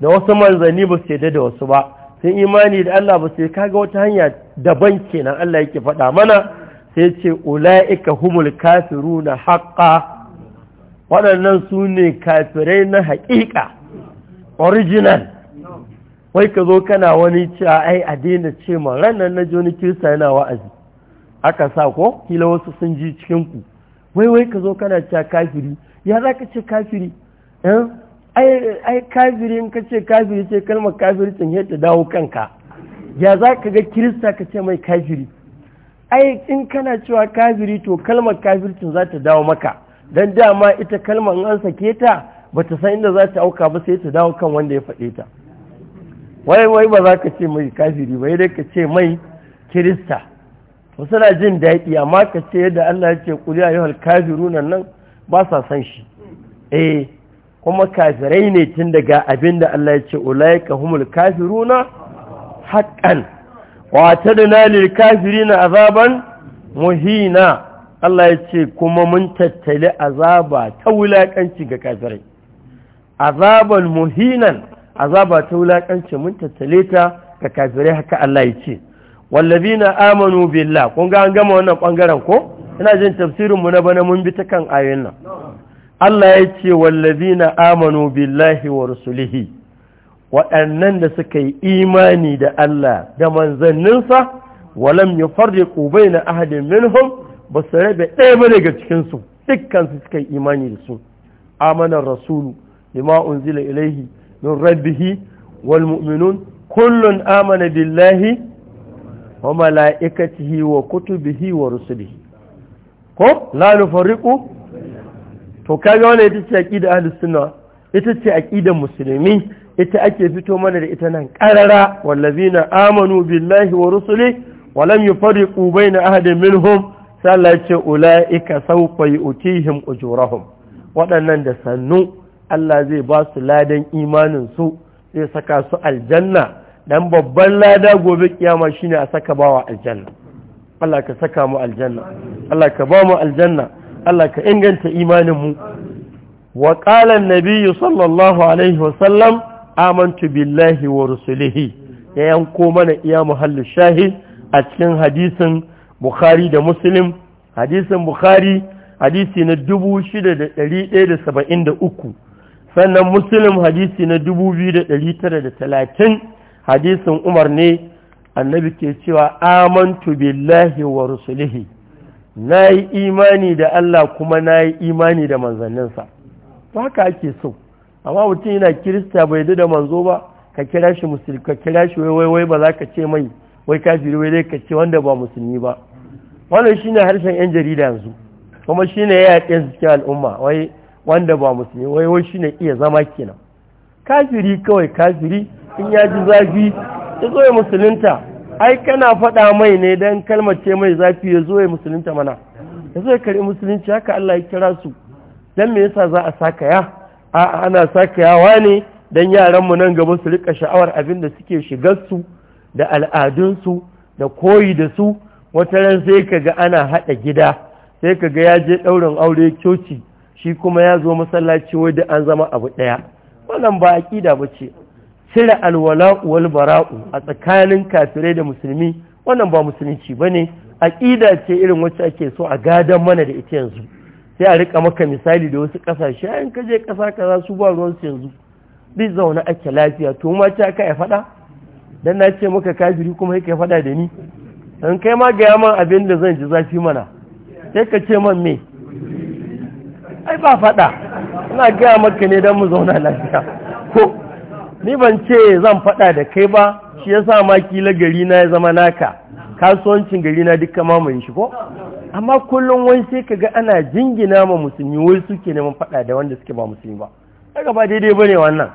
da wasu manzanni ba su yadda da wasu ba sun imani da Allah ba su kaga wata hanya daban kenan Allah yake faɗa mana sai ce ula'ika humul kafiru na haƙa waɗannan su ne kafirai na haƙiƙa original wai ka zo kana wani cewa ai a daina ce ma ranar na joni kirista yana wa'azi aka sa ko kila wasu sun ji cikinku wai wai ka zo kana cewa kafiri ya za ka ce kafiri eh? ai kafiri in ka ce kafiri ce kalmar kafiri cin ta dawo kanka ya za ka ga kirista ka ce mai kafiri ai in kana cewa kafiri to kalmar kafircin za ta dawo maka don dama ita kalmar an sake ta ba ta san inda za ta auka ba sai ta dawo kan wanda ya faɗe ta wai wai ba za ka ce mai kafiri ba yadda ka ce mai kirista Wasu suna jin daɗi amma ka ce yadda Allah ya ce kuli ayyuhal kafiruna nan ba sa san shi eh kuma kafirai ne tun daga abin da Allah ya ce ulaika humul kafiruna haqqan watadna lil kafirina azaban muhina Allah ya ce kuma mun tattali azaba ta wulakanci ga kafirai azaban muhinan azaba ta wulakanci mun tattale ta ga kafirai haka Allah ya ce wallazina amanu billah kun ga an gama wannan bangaren ko ina jin tafsirin mu na bana mun bi ta kan ayoyin nan Allah yace ce wallazina amanu billahi wa rusulihi waɗannan da suka yi imani da Allah da manzanninsa walam ya ƙubai na ahadin minhum ba su rabe ɗaya ba daga cikinsu dukkansu suka yi imani da su amanar rasulu lima unzila ilaihi min rabbihi wal mu'minun kullun amana billahi wa mala'ikatihi wa kutubihi wa rusulihi ko la nufarriqu to kaga wannan ita ce aqida ahlus sunna ita ce aqidan musulmi ita ake fito mana da ita nan ƙarara wallazina amanu billahi wa rusuli wa lam baina ahadin minhum sai ulaika sawfa yu'tihim ujurahum waɗannan da sannu Allah zai ba su ladan imanin su zai saka su aljanna dan babban lada gobe kiyama shine a saka bawa aljanna Allah ka saka mu aljanna Allah ka ba mu aljanna Allah ka inganta imanin mu wa qala an-nabiy sallallahu alaihi wa sallam amantu billahi wa rusulihi ya yanko mana iya muhallu shahid a cikin hadisin bukhari da muslim hadisin bukhari hadisi na 6173 sannan muslim hadisi na da talatin hadisin umar ne annabi ke cewa amantu billahi wa rusulihi na yi imani da Allah kuma na yi imani da manzanninsa haka ake so amma mutum yana kirista bai da manzo ba ka kira shi musulmi ka kira shi wai wai wai ba za ka ce mai wai kafiri wai zai ka ce wanda ba musulmi ba wannan shine harshen yan jarida yanzu kuma shine ya yaƙe cikin al'umma wai wanda ba musulmi wai wai shine iya zama kenan kafiri kawai kafiri in ya ji zafi ya zo ya musulunta ai kana faɗa mai ne don kalmar ce mai zafi ya zo ya musulunta mana ya zo ya karɓi musulunci haka Allah ya kira su dan me yasa za a saka ya a ana sakayawa ne don yaranmu nan gaba su rika sha'awar abin da suke shigarsu da al'adunsu da koyi da su wata ran sai kaga ana haɗa gida sai kaga ga ya je ɗaurin aure coci shi kuma ya zo masallaci wadda an zama abu ɗaya wannan ba a ƙida ba ce cire alwala'u wal bara'u a tsakanin kafirai da musulmi wannan ba musulunci ba ne A ƙida ce irin wacce ake so a gadon mana da ita yanzu sai a rika maka misali da wasu kasashe in ka je kasa kaza su ba ruwan yanzu bi zauna ake lafiya to ma ta ka ya faɗa dan na ce maka kafiri kuma yake faɗa da ni 'Dan kai ma gaya yaman abin da zan ji zafi mana sai ka ce man me ai ba faɗa ina gaya maka ne don mu zauna lafiya ko ni ban ce zan faɗa da kai ba shi yasa ma kila gari na ya zama naka kasuwancin gari na dukkan mamaye shi ko amma kullum wai sai ka ga ana jingina ma musulmi wai suke neman faɗa da wanda suke ba musulmi ba daga ba daidai ba ne wannan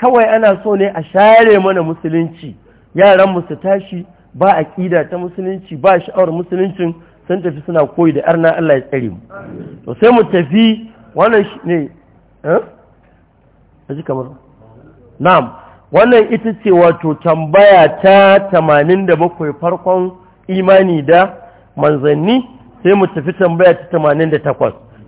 kawai ana so ne a share mana musulunci yaran mu su tashi ba aƙida ta musulunci ba sha'awar musuluncin sun tafi suna koyi da arna Allah ya tsare mu to sai mu tafi wannan ne eh aji kamar na'am wannan ita ce wato tambaya ta 87 farkon imani da manzanni sai mu tafi tambaya ta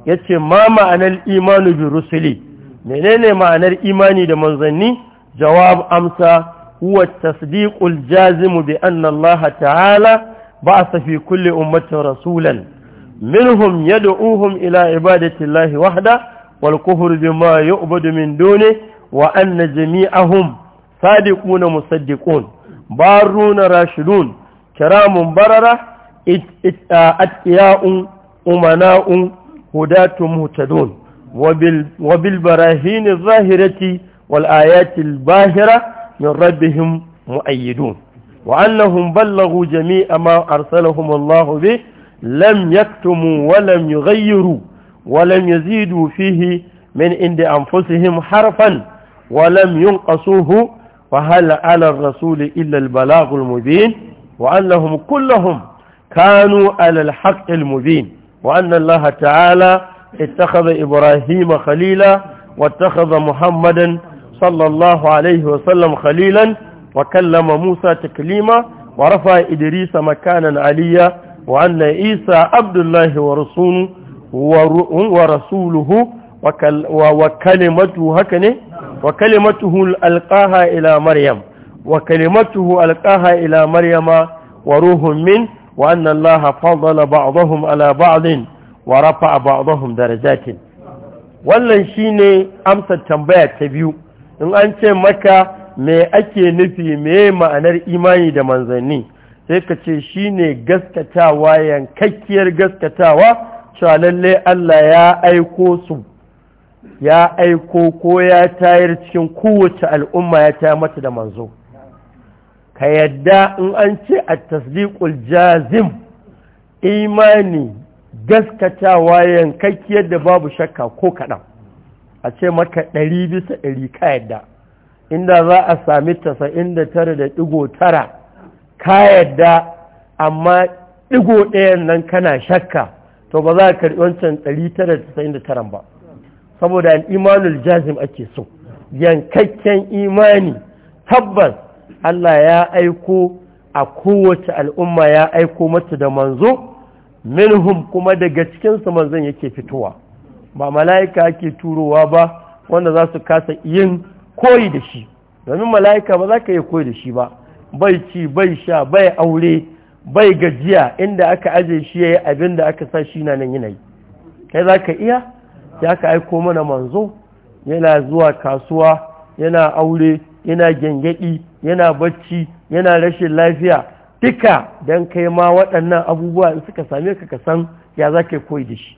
ya ce ma ma'anar imanu bi rusuli menene ma'anar imani da manzanni jawab amsa huwa tasdiqul jazimu bi anna Allah ta'ala ba'atha fi kulli ummatin rasulan minhum yad'uuhum ila ibadati Allah wahda wal kufru bima yu'badu min dunihi wa anna jami'ahum sadiquna musaddiqun baruna rashidun kiramun barara Uh, atiya'un umana'un hudatun mutadun wabilbarahini zahirati wal'ayatil bahira min rabihim mu'ayyidun wa annahum ballagu jami'a ma arsalahum Allah bi lam yaktumu wa lam yughayyiru wa lam yazidu fihi min indi anfusihim harfan wa lam yunqasuhu wa hal 'ala ar-rasuli illa al-balagh al-mubin wa annahum kulluhum kanu alal haqqil mubin wa Allah ta'ala ittakhadha Ibrahim khalila wa ittakhadha Muhammadan sallallahu alaihi wa sallam khalilan wa kallama Musa taklima wa rafa Idris makanan aliyya wa anna Isa Abdullah wa rasuluhu wa rasuluhu وكلمته هكذا وكلمته ألقاها إلى مريم وكلمته ألقاها إلى مريم وروح من وأن الله فضل بعضهم على بعض ورفع بعضهم درجات wannan shine amsar tambaya ta biyu in an ce maka me ake nufi me ma'anar imani da manzanni sai ka ce shine gaskatawa yankakkiyar gaskatawa cewa lalle Allah ya aiko su ya aiko ko ya tayar cikin kowace al'umma ya tayar mata da manzo ka yadda in an ce a tasdiƙul jazim imani gaskatawa yankakkiyar da babu shakka ko kaɗan a ce maka ɗari bisa ɗari ka yadda inda za a sami tasa'in da tara da ɗigo tara ka yadda amma ɗigo ɗayan nan kana shakka to ba za a karɓi wancan ɗari tara da tasa'in da taran ba saboda imanul jazim ake so yankakken imani tabbas Allah ya aiko a kowace al'umma ya aiko mata da manzo minhum kuma daga cikinsu manzon yake fitowa ba mala'ika ake turowa ba wanda za su kasa yin koyi da shi domin mala'ika ba za ka yi koyi da shi ba bai ci bai sha bai aure bai gajiya inda aka aje shi ya yi abin da aka sa shi na nan yanayi kai za ka iya ya ka aiko mana manzo yana zuwa kasuwa yana aure yana gyangyaɗi yana bacci yana rashin lafiya duka don kai ma waɗannan abubuwa in suka same ka kasan ya za ka koyi da shi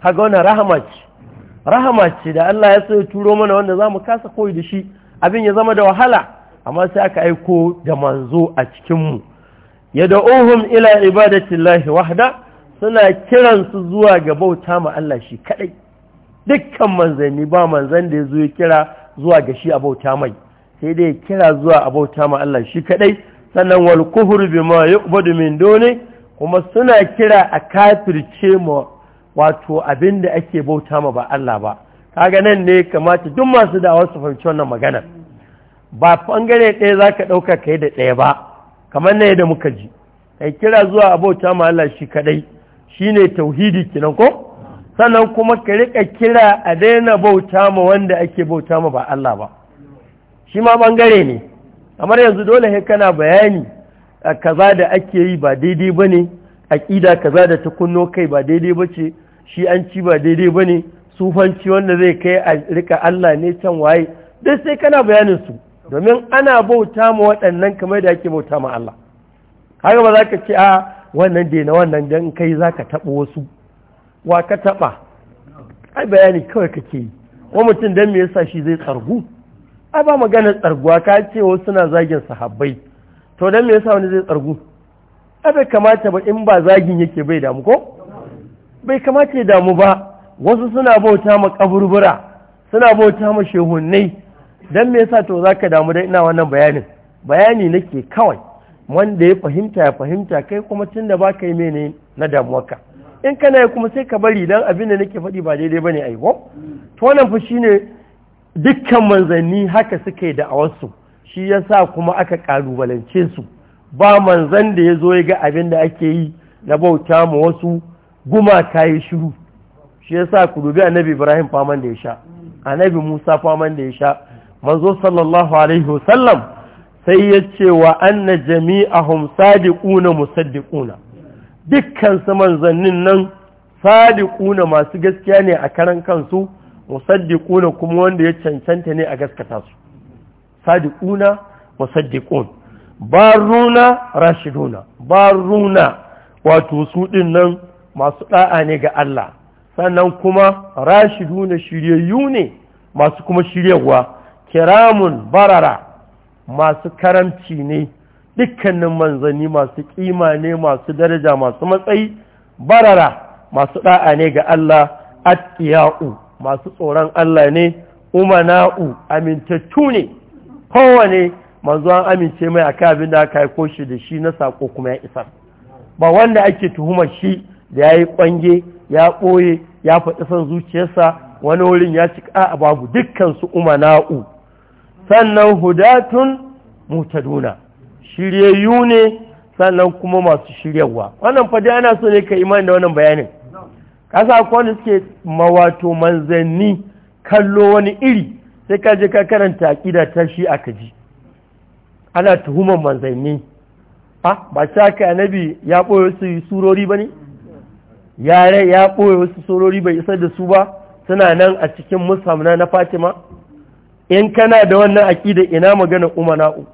haga wani rahama ce rahama ce da Allah ya sai turo mana wanda za mu kasa koyi da shi abin ya zama da wahala amma sai aka aiko da manzo a cikinmu ya ohun ila lahi wahda suna kiransu zuwa ga bauta ma Allah shi kaɗai. dukkan manzanni ba manzan da ya zo ya kira zuwa ga shi a bauta mai sai dai kira zuwa abauta ma Allah shi kadai sannan wal kufru bima yu'budu min duni kuma suna kira a kafirce ma wato abinda ake bauta ma ba Allah ba kaga nan ne kamata duk masu da wasu fahimci wannan magana ba bangare ɗaya zaka ɗauka kai da ɗaya ba kamar ne da muka ji kai kira zuwa abauta ma Allah shi kadai shine tauhidi kinan ko sannan kuma ka rika kira a daina bauta ma wanda ake bauta ma ba Allah ba shi ma ɓangare ne kamar yanzu dole sai kana bayani a kaza da ake yi ba daidai ba ne aƙida kaza da ta kunno kai ba daidai ba ce shi an ci ba daidai ba ne sufanci wanda zai kai a rika Allah ne can waye duk sai kana bayanin su domin ana bauta ma waɗannan kamar da ake bauta ma Allah haka ba za ka ce a wannan dena wannan dan kai za ka taɓa wasu wa ka taɓa ai bayani kawai kake yi wa mutum dan me yasa shi zai tsargu a ba magana tsarguwa ka ce wasu suna zagin sahabbai to don me yasa wani zai tsargu a bai kamata ba in ba zagin yake bai damu ko bai kamata ya damu ba wasu suna bauta ma kaburbura suna bauta ma shehunnai don me yasa to za ka damu da ina wannan bayanin bayani nake kawai wanda ya fahimta ya fahimta kai kuma tun ba baka yi mene na ka in kana kuma sai ka bari don abin da nake faɗi ba daidai ba ne ko to wannan fa shine dukkan manzanni haka suke da awarsu shi sa kuma aka kalubalance su ba manzan da ya zo ya ga abin da ake yi na bauta ma wasu guma gumaka yi shiru shi ya sa ku dubi annabi ibrahim faman da ya sha annabi musa faman da ya sha manzo sallallahu alaihi wasallam sai ya ce wa anna jami'ahum sadiquna musaddiquna dukkan su manzannin nan sadiquna masu gaskiya ne a karan kansu musaddiquna kuma wanda ya cancanta ne a gaskata su sadiquna musaddiqun baruna rashiduna baruna wato su din nan masu da'a ne ga Allah sannan kuma rashiduna shiryayyu ne masu kuma shiryawa kiramun barara masu karamci ne dukkanin manzanni masu kima ne masu daraja masu matsayi barara masu da'a ne ga Allah at-tiya'u masu tsoron Allah ne umana'u amintattu ne kowane manzo an amince mai akan abin da aka aiko shi da shi na sako kuma ya isar ba wanda ake tuhumar shi da ya yi ƙwange, ya ɓoye ya faɗi son zuciyarsa wani wurin ya ci a babu dukkansu umana'u sannan hudatun mutaduna shiryayyu ne sannan kuma masu shiryarwa. wannan fadi ana so ne ka imani da wannan bayanin kasa wanda suke mawato manzanni kallo wani iri sai ka je ka karanta aƙida ta shi aka ji ana tuhumar manzanni ah ba ta ka annabi ya boye su surori ba ne yare ya boye su surori bai isar da su ba suna nan a cikin musamman na fatima in kana da wannan aƙida ina magana umana'u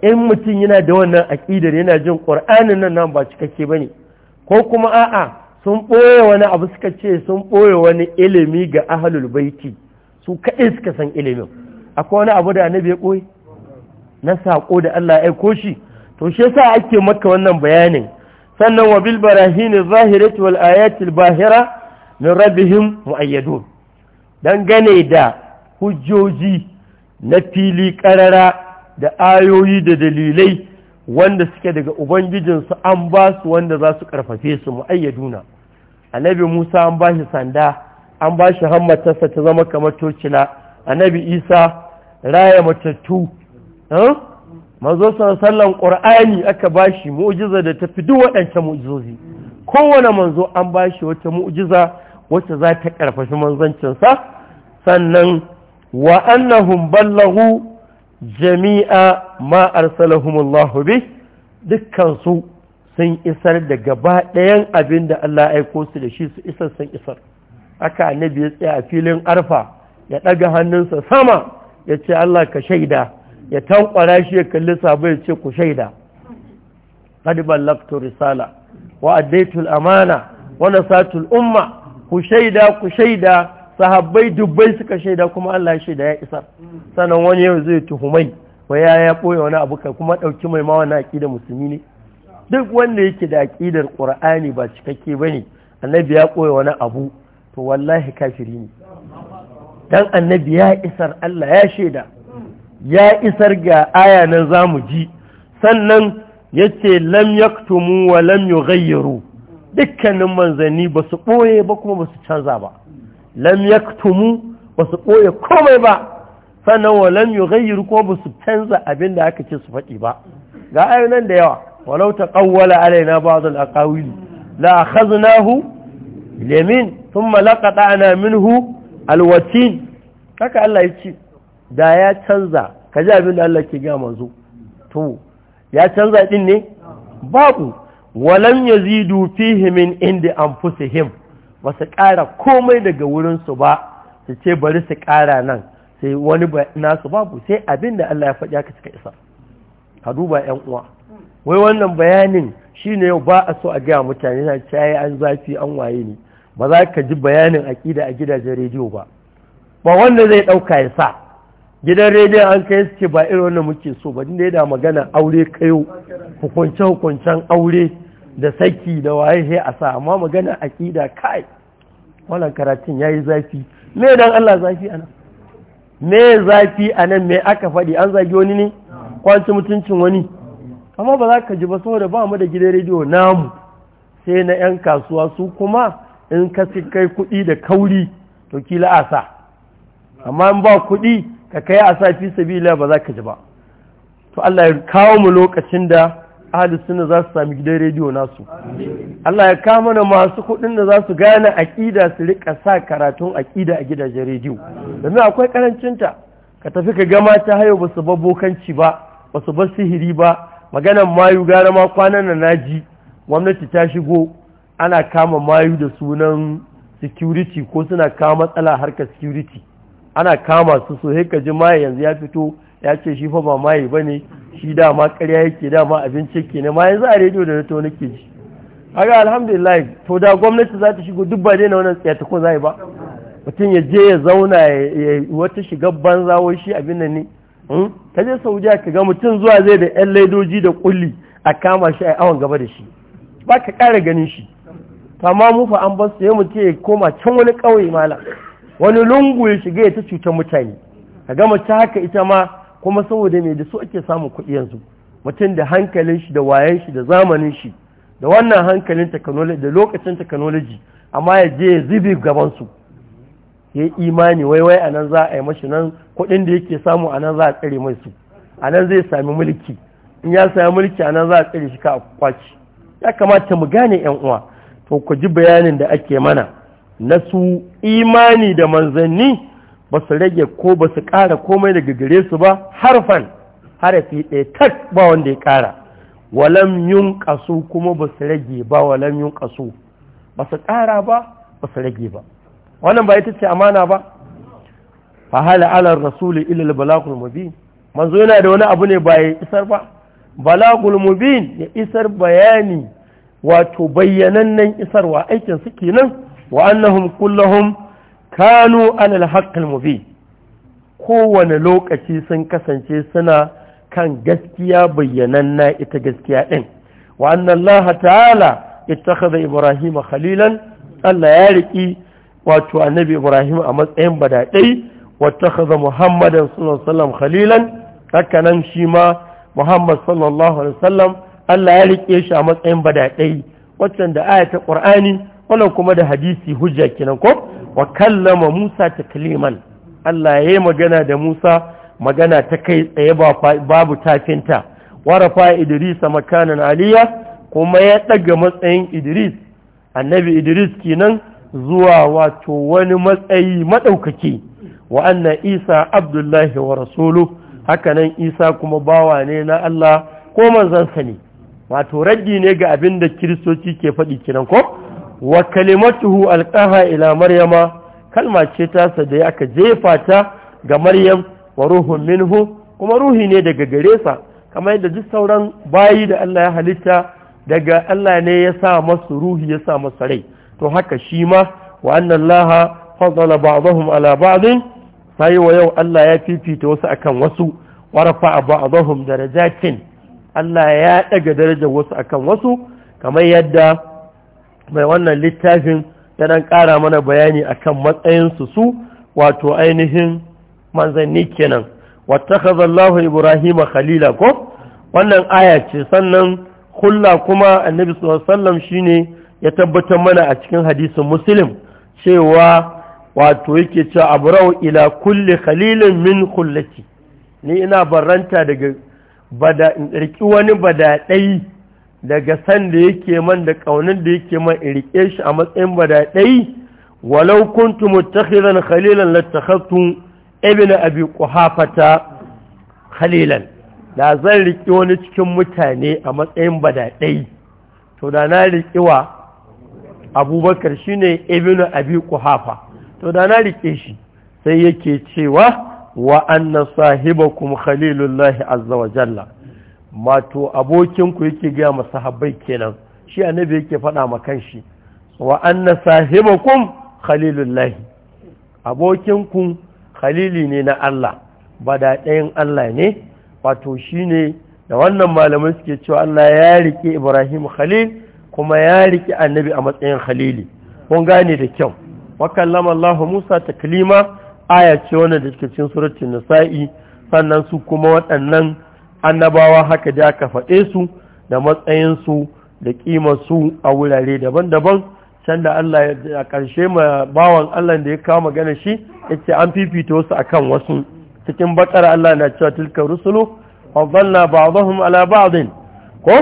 in mutum yana da wannan aƙidar yana jin ƙur'anin nan ba cikakke ba ne ko kuma a'a sun ɓoye wani abu suka ce sun ɓoye wani ilimi ga ahalul baiti su kaɗai suka san ilimin akwai wani abu da na bai ɓoye na saƙo da Allah ya aiko shi to shi yasa ake maka wannan bayanin sannan wa bil barahin zahirati wal ayati al bahira min rabbihim muayyadun dan gane da hujjoji na fili karara da ayoyi da dalilai wanda suke daga ubangijinsu an ba su wanda za su ƙarfafe su mu'ayyaduna annabi musa an ba shi sanda an ba shi hammatarsa ta zama kamar tocila annabi isa raya matattu sun sallan ƙur'ani aka ba shi mu'jiza da tafi duk waɗancan mu'ujizozi. kowane manzo an ba shi wata mu'ujiza wacce za ta karfafi manzancinsa sannan wa annahum ballahu. jami'a ma arsalahumullahu bih dukkan su sun isar da gaba ɗayan abin da Allah aiko su da shi su isar sun isar aka annabi ya tsaya a filin arfa ya ɗaga hannunsa sama ya ce Allah ka shaida ya tankwara shi ya kalli sabo ya ce ku shaida qad ballagtu risala wa addaitul amana wa nasatul umma ku shaida ku shaida sahabbai dubbai suka shaida kuma Allah ya shaida ya isar sannan wani yau zai tuhumai wa ya ya boye wani abu kai kuma ɗauki mai ma wani musulmi ne duk wanda yake da aƙidar ƙur'ani ba cikakke bane annabi ya boye wani abu to wallahi kafiri ne dan annabi ya isar Allah ya shaida ya isar ga aya nan zamu ji sannan yace lam yaktumu wa lam yughayyiru dukkanin manzanni ba su boye ba kuma ba su canza ba lam yaktumu ba su ɓoye komai ba sannan wa lam yughayyiru ko ba su canza abin da aka ce su faɗi ba ga ayoyin da yawa walau taqawwala alaina ba'd al-aqawil la akhadnahu yamin thumma laqata'na minhu al-watin haka Allah ya ce da ya canza ka ji abin da Allah ke ga manzo to ya canza din ne babu walam yazidu fihi min indi anfusihim ba su ƙara komai daga wurinsu ba su ce bari su ƙara nan sai wani nasu babu sai abin da Allah ya faɗi aka cika isa ka duba ‘yan uwa wai wannan bayanin shi ne ba a so a gaya mutane na caye an zafi an waye ne ba za ka ji bayanin aƙida a gidajen rediyo ba ba wanda zai ɗauka ya sa gidan rediyon an kai su ce ba irin wannan muke so ba inda ya da magana aure kayo hukunce-hukuncen aure da saki da waye sai a sa amma magana aƙida kai wannan karatun ya yi zafi me dan Allah zafi a nan me zafi a me aka faɗi an zagi wani ne kwanci mutuncin wani amma ba za ka ji ba saboda ba mu da gidan rediyo namu sai na 'yan kasuwa su kuma in ka kai kuɗi da kauri to kila a amma in ba kuɗi ka kai a sa fi sabila ba za ka ji ba to Allah ya kawo mu lokacin da ahalus sunna za su sami gidan rediyo nasu Allah ya kama mana masu kuɗin da za su gane aƙida su rika sa karatun aƙida a gidajen rediyo domin akwai karancinta ka tafi ka gama ta hayo ba su bar bokanci ba ba su bar sihiri ba maganan mayu gara ma kwanan na naji gwamnati ta shigo ana kama mayu da sunan security ko suna kama matsala harkar security ana kama su so ka ji maye yanzu ya fito ya ce shi fa ba maye ba ne shi dama karya yake dama abinci ke ne ma yanzu a rediyo da to nake ji haka alhamdulillah to da gwamnati za ta shigo duk ba na wannan ko zai ba mutum ya je ya zauna ya wata shiga banza wai shi abin nan ne hmm? ka je saudiya ka ga mutum zuwa zai da yan laidoji da kulli a kama shi a awon gaba da shi ba ka ƙara ganin shi amma mu fa an bar su ya mutum ya koma can wani ƙauye mala wani lungu ya shiga ya ta cutar mutane ka gama ta haka ita ma kuma saboda mai da su ake samun kuɗi yanzu mutum da hankalin shi da wayan shi da zamanin shi da wannan hankalin technology da lokacin technology amma ya je ya zubi gaban su ya yi imani wai wai anan za a yi mashi nan kuɗin da yake samu anan za a tsare mai su anan zai sami mulki in ya sami mulki anan za a tsare shi ka kwaci ya kamata mu gane yan uwa to ku ji bayanin da ake mana na su imani da manzanni ba su rage ko ba su ƙara komai daga gare su ba harfan harafi ɗaya tak ba wanda ya ƙara walam yun ƙasu kuma ba su rage ba walam yun ƙasu ba su ƙara ba ba su rage ba wannan ba ita ce amana ba fa hala ala rasuli illa balagul mubin manzo yana da wani abu ne ba ya isar ba balagul mubin ya isar bayani wato bayyanannen isarwa aikin su kenan wa annahum kullahum kanu alal haqqil mubin kowane lokaci sun kasance suna kan gaskiya bayyananna ita gaskiya ɗin. wa Allah ta'ala ittakhadha Ibrahim khalilan Allah ya riki wato annabi Ibrahim a matsayin Wata wattakhadha Muhammadan sallallahu alaihi khalilan haka nan shi ma Muhammad sallallahu alaihi wasallam Allah ya rike shi a matsayin badaɗai waccan da aya ta ƙur'ani wannan kuma da hadisi hujja kenan ko wa kallama Musa Kaliman, Allah ya yi magana da Musa magana ta kai tsaye babu tafinta warafa Idris a makanan aliyya kuma ya daga matsayin Idris annabi Idris kenan zuwa wato wani matsayi maɗaukaki, wa anna Isa Abdullahi wa rasulu hakanan Isa kuma bawa ne na Allah ko manzansa ne wato raddi ne ga abin da kiristoci ke faɗi kiran ko wa kalimatuhu alqaha ila maryama kalma ce ta sa da aka jefa ta ga maryam wa ruhun minhu kuma ruhi ne daga gare sa kamar yadda duk sauran bayi da Allah ya halitta daga Allah ne ya sa masu ruhi ya sa masu rai to haka shi ma wa laha, fadala ba'dahum ala ba'din sai wa yau Allah ya fifita wasu akan wasu wa rafa'a ba'dahum darajatin Allah ya daga darajar wasu akan wasu kamar yadda mai wannan littafin ya ɗan ƙara mana bayani a kan matsayinsu su wato ainihin manzanni kenan Wata kazallahu Ibrahim khalila ko wannan aya ce sannan kulla kuma annabi sallam shi ne ya tabbatar mana a cikin hadisin muslim cewa wato yake cewa Abrahu ila kulle khalilin min kullati ni ina baranta daga bada riki wani bada badaɗai daga san da yake man da ƙaunin da yake man in riƙe shi a matsayin badaɗai walau kuntu muttakhidan khalilan lattakhadtu ibnu abi quhafata khalilan da zan riƙe wani cikin mutane a matsayin badaɗai to da na riƙe wa abubakar shine ibnu abi quhafa to da na riƙe shi sai yake cewa wa anna sahibakum khalilullahi azza wa jalla mato abokinku yake gaya ma kenan shi annabi yake faɗa ma shi, wa anna sahibakum khalilullahi abokinku khalili ne na Allah ba da ɗayan Allah ne wato shine da wannan malamai suke cewa Allah ya rike Ibrahim khalil kuma ya rike annabi a matsayin khalili kun gane da kyau wa kallama Allah Musa taklima aya ce wannan da cikin suratul nisa'i sannan su kuma waɗannan annabawa haka da aka faɗe su da matsayinsu da ƙimarsu a wurare daban-daban can da Allah ya ƙarshe ma bawan Allah da ya kawo magana shi yake an fifita wasu a kan wasu cikin bakar Allah na cewa tilka rusulu fadalla ba'dahum ala ba'din ko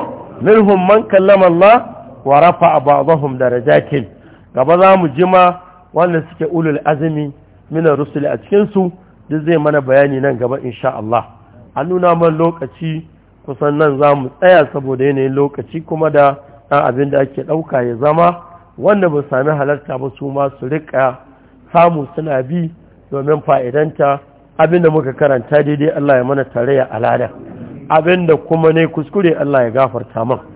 minhum man kallama Allah wa rafa'a ba'dahum darajatin gaba za mu jima wanda suke ulul azumi mina rusul a cikin su duk zai mana bayani nan gaba insha Allah an nuna man lokaci kusan nan za mu tsaya saboda yanayin lokaci kuma da ɗan abin da ake ɗauka ya zama wanda ba sami halarta ba su ma su riƙa samu suna bi domin fa'idanta abin da muka karanta daidai Allah ya mana tare ya alada abin da kuma ne kuskure Allah ya gafarta man.